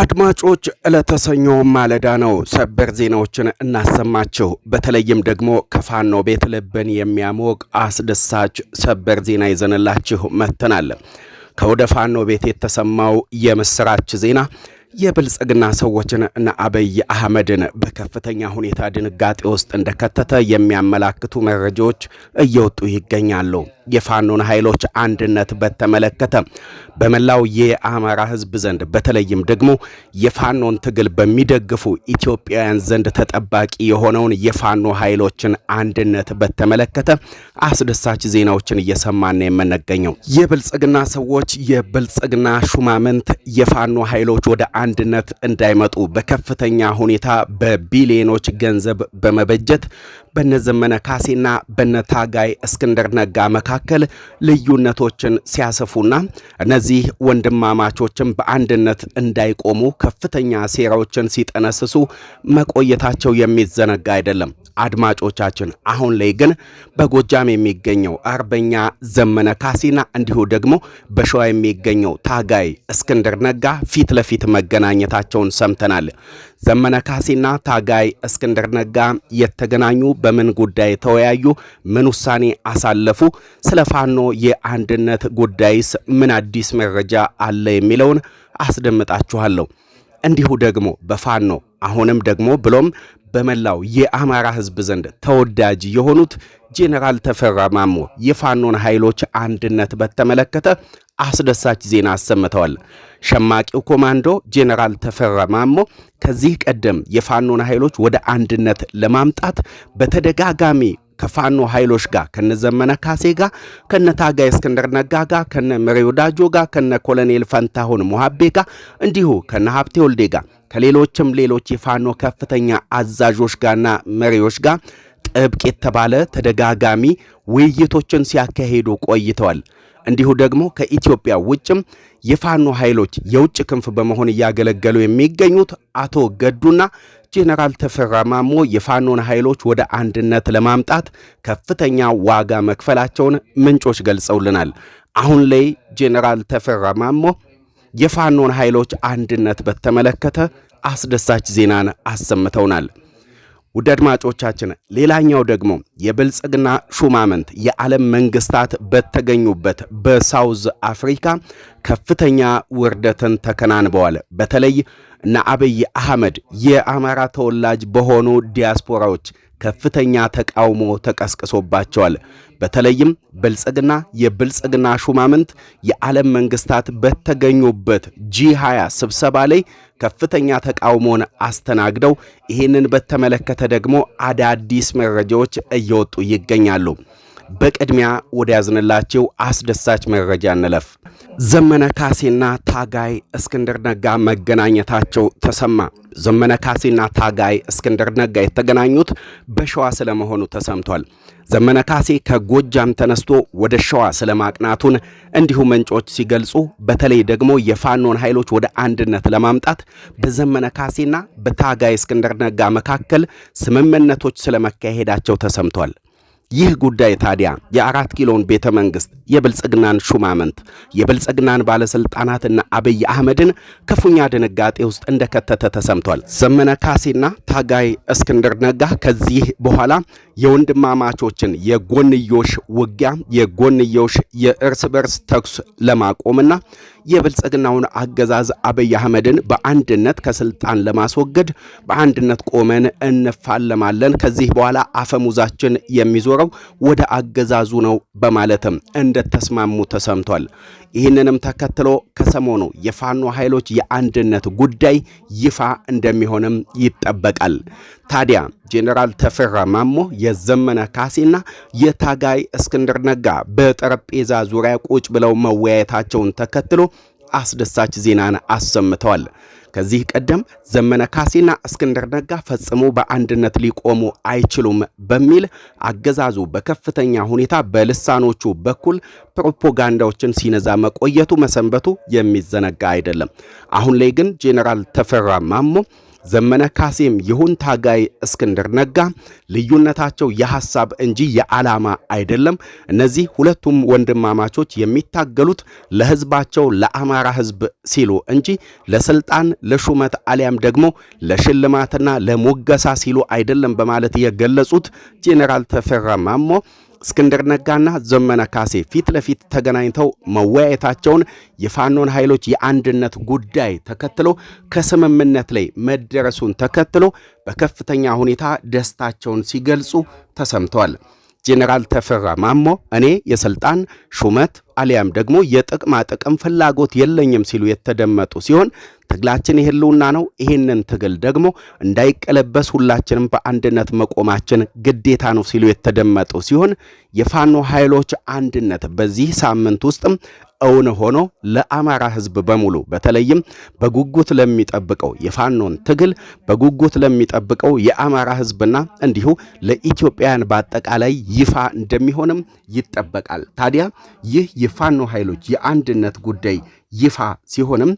አድማጮች ለተሰኘው ማለዳ ነው ሰበር ዜናዎችን እናሰማችሁ። በተለይም ደግሞ ከፋኖ ቤት ልብን የሚያሞቅ አስደሳች ሰበር ዜና ይዘንላችሁ መጥተናል። ከወደ ፋኖ ቤት የተሰማው የምስራች ዜና የብልጽግና ሰዎችን እና አብይ አህመድን በከፍተኛ ሁኔታ ድንጋጤ ውስጥ እንደከተተ የሚያመላክቱ መረጃዎች እየወጡ ይገኛሉ። የፋኖን ኃይሎች አንድነት በተመለከተ በመላው የአማራ ህዝብ ዘንድ በተለይም ደግሞ የፋኖን ትግል በሚደግፉ ኢትዮጵያውያን ዘንድ ተጠባቂ የሆነውን የፋኖ ኃይሎችን አንድነት በተመለከተ አስደሳች ዜናዎችን እየሰማን የምንገኘው የብልጽግና ሰዎች የብልጽግና ሹማምንት የፋኖ ኃይሎች ወደ አንድነት እንዳይመጡ በከፍተኛ ሁኔታ በቢሊዮኖች ገንዘብ በመበጀት በነ ዘመነ ካሴና በነ ታጋይ እስክንድር ነጋ መካከል ልዩነቶችን ሲያሰፉና እነዚህ ወንድማማቾችን በአንድነት እንዳይቆሙ ከፍተኛ ሴራዎችን ሲጠነስሱ መቆየታቸው የሚዘነጋ አይደለም። አድማጮቻችን አሁን ላይ ግን በጎጃም የሚገኘው አርበኛ ዘመነ ካሴና እንዲሁ ደግሞ በሸዋ የሚገኘው ታጋይ እስክንድር ነጋ ፊት ለፊት መገናኘታቸውን ሰምተናል። ዘመነ ካሴና ታጋይ እስክንድር ነጋ የተገናኙ በ በምን ጉዳይ ተወያዩ? ምን ውሳኔ አሳለፉ? ስለ ፋኖ የአንድነት ጉዳይስ ምን አዲስ መረጃ አለ የሚለውን አስደምጣችኋለሁ። እንዲሁ ደግሞ በፋኖ አሁንም ደግሞ ብሎም በመላው የአማራ ሕዝብ ዘንድ ተወዳጅ የሆኑት ጄኔራል ተፈራ ማሞ የፋኖን ኃይሎች አንድነት በተመለከተ አስደሳች ዜና አሰምተዋል። ሸማቂው ኮማንዶ ጄኔራል ተፈራ ማሞ ከዚህ ቀደም የፋኖን ኃይሎች ወደ አንድነት ለማምጣት በተደጋጋሚ ከፋኖ ኃይሎች ጋር ከነዘመነ ካሴ ጋር ከነታጋ እስክንድር ነጋ ጋር ከነ መሪ ወዳጆ ጋር ከነ ኮሎኔል ፈንታሁን ሞሐቤ ጋር እንዲሁ ከነ ሀብቴ ወልዴ ጋር ከሌሎችም ሌሎች የፋኖ ከፍተኛ አዛዦች ጋርና መሪዎች ጋር ጥብቅ የተባለ ተደጋጋሚ ውይይቶችን ሲያካሂዱ ቆይተዋል። እንዲሁ ደግሞ ከኢትዮጵያ ውጭም የፋኖ ኃይሎች የውጭ ክንፍ በመሆን እያገለገሉ የሚገኙት አቶ ገዱና ጄኔራል ተፈራ ማሞ የፋኖን ኃይሎች ወደ አንድነት ለማምጣት ከፍተኛ ዋጋ መክፈላቸውን ምንጮች ገልጸውልናል። አሁን ላይ ጄኔራል ተፈራ ማሞ የፋኖን ኃይሎች አንድነት በተመለከተ አስደሳች ዜናን አሰምተውናል። ውድ አድማጮቻችን ሌላኛው ደግሞ የብልጽግና ሹማምንት የዓለም መንግስታት በተገኙበት በሳውዝ አፍሪካ ከፍተኛ ውርደትን ተከናንበዋል። በተለይ እነ አብይ አህመድ የአማራ ተወላጅ በሆኑ ዲያስፖራዎች ከፍተኛ ተቃውሞ ተቀስቅሶባቸዋል። በተለይም ብልጽግና የብልጽግና ሹማምንት የዓለም መንግስታት በተገኙበት ጂ20 ስብሰባ ላይ ከፍተኛ ተቃውሞን አስተናግደው ይህንን በተመለከተ ደግሞ አዳዲስ መረጃዎች እየወጡ ይገኛሉ። በቅድሚያ ወደ ያዝንላቸው አስደሳች መረጃ እንለፍ። ዘመነ ካሴና ታጋይ እስክንድር ነጋ መገናኘታቸው ተሰማ። ዘመነ ካሴና ታጋይ እስክንድር ነጋ የተገናኙት በሸዋ ስለመሆኑ ተሰምቷል። ዘመነ ካሴ ከጎጃም ተነስቶ ወደ ሸዋ ስለማቅናቱን እንዲሁ ምንጮች ሲገልጹ፣ በተለይ ደግሞ የፋኖን ኃይሎች ወደ አንድነት ለማምጣት በዘመነ ካሴና በታጋይ እስክንድር ነጋ መካከል ስምምነቶች ስለመካሄዳቸው ተሰምቷል። ይህ ጉዳይ ታዲያ የአራት ኪሎን ቤተ መንግሥት የብልጽግናን ሹማምንት የብልጽግናን ባለሥልጣናትና አብይ አህመድን ክፉኛ ድንጋጤ ውስጥ እንደከተተ ተሰምቷል። ዘመነ ካሴና ታጋይ እስክንድር ነጋ ከዚህ በኋላ የወንድማማቾችን የጎንዮሽ ውጊያ የጎንዮሽ የእርስ በርስ ተኩስ ለማቆምና የብልጽግናውን አገዛዝ አብይ አህመድን በአንድነት ከስልጣን ለማስወገድ በአንድነት ቆመን እንፋለማለን። ከዚህ በኋላ አፈሙዛችን የሚዞረው ወደ አገዛዙ ነው በማለትም እንደተስማሙ ተሰምቷል። ይህንንም ተከትሎ ከሰሞኑ የፋኖ ኃይሎች የአንድነት ጉዳይ ይፋ እንደሚሆንም ይጠበቃል። ታዲያ ጄኔራል ተፈራ ማሞ የዘመነ ካሴና የታጋይ እስክንድር ነጋ በጠረጴዛ ዙሪያ ቁጭ ብለው መወያየታቸውን ተከትሎ አስደሳች ዜናን አሰምተዋል። ከዚህ ቀደም ዘመነ ካሴና እስክንድር ነጋ ፈጽሞ በአንድነት ሊቆሙ አይችሉም በሚል አገዛዙ በከፍተኛ ሁኔታ በልሳኖቹ በኩል ፕሮፓጋንዳዎችን ሲነዛ መቆየቱ መሰንበቱ የሚዘነጋ አይደለም። አሁን ላይ ግን ጄኔራል ተፈራ ማሞ ዘመነ ካሴም ይሁን ታጋይ እስክንድር ነጋ ልዩነታቸው የሐሳብ እንጂ የዓላማ አይደለም። እነዚህ ሁለቱም ወንድማማቾች የሚታገሉት ለሕዝባቸው ለአማራ ሕዝብ ሲሉ እንጂ ለስልጣን ለሹመት አሊያም ደግሞ ለሽልማትና ለሞገሳ ሲሉ አይደለም በማለት የገለጹት ጄኔራል ተፈራ ማሞ እስክንድር ነጋና ዘመነ ካሴ ፊት ለፊት ተገናኝተው መወያየታቸውን የፋኖን ኃይሎች የአንድነት ጉዳይ ተከትሎ ከስምምነት ላይ መደረሱን ተከትሎ በከፍተኛ ሁኔታ ደስታቸውን ሲገልጹ ተሰምተዋል። ጄኔራል ተፈራ ማሞ እኔ የስልጣን ሹመት አሊያም ደግሞ የጥቅማ ጥቅም ፍላጎት የለኝም ሲሉ የተደመጡ ሲሆን ትግላችን የህልውና ነው። ይህንን ትግል ደግሞ እንዳይቀለበስ ሁላችንም በአንድነት መቆማችን ግዴታ ነው ሲሉ የተደመጡ ሲሆን የፋኖ ኃይሎች አንድነት በዚህ ሳምንት ውስጥም እውን ሆኖ ለአማራ ህዝብ በሙሉ በተለይም በጉጉት ለሚጠብቀው የፋኖን ትግል በጉጉት ለሚጠብቀው የአማራ ህዝብና እንዲሁ ለኢትዮጵያውያን በአጠቃላይ ይፋ እንደሚሆንም ይጠበቃል። ታዲያ ይህ የፋኖ ኃይሎች የአንድነት ጉዳይ ይፋ ሲሆንም